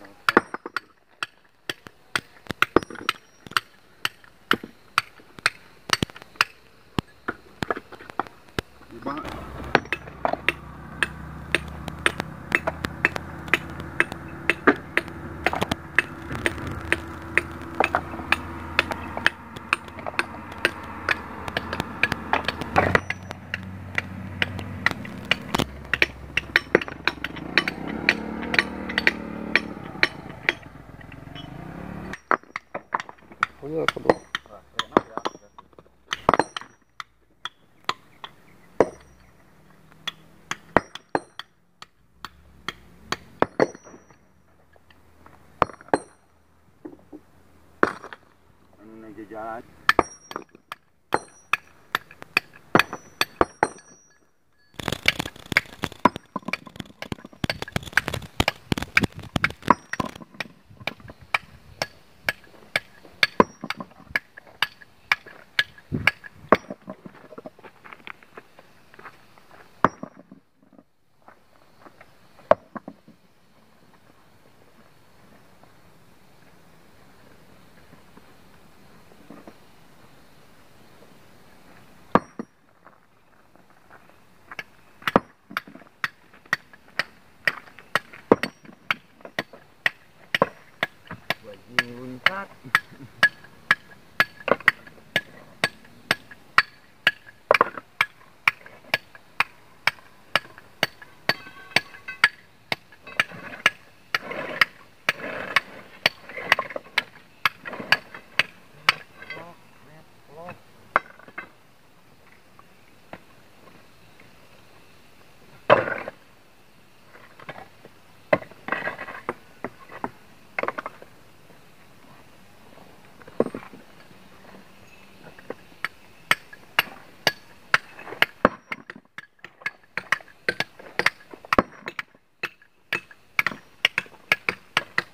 not okay. ਰੱਖ ਲਓ Thank you, John.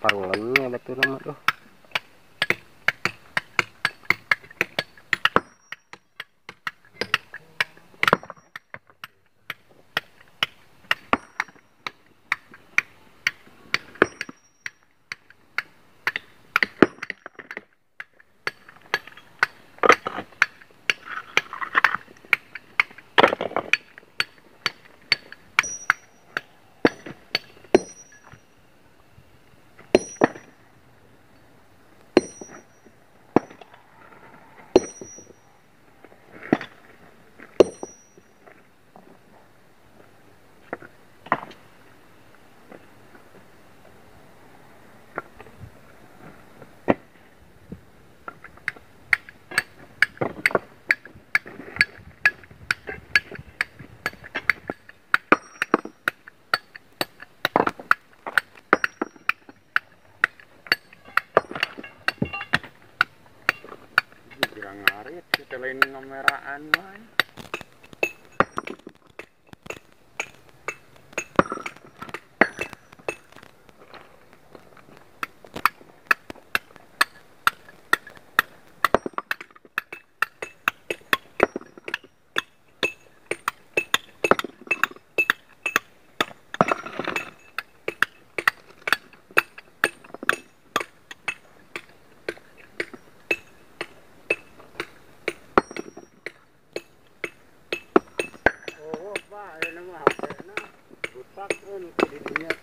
Parulannya betul amat tuh parit, kita lain ngameraan man. No,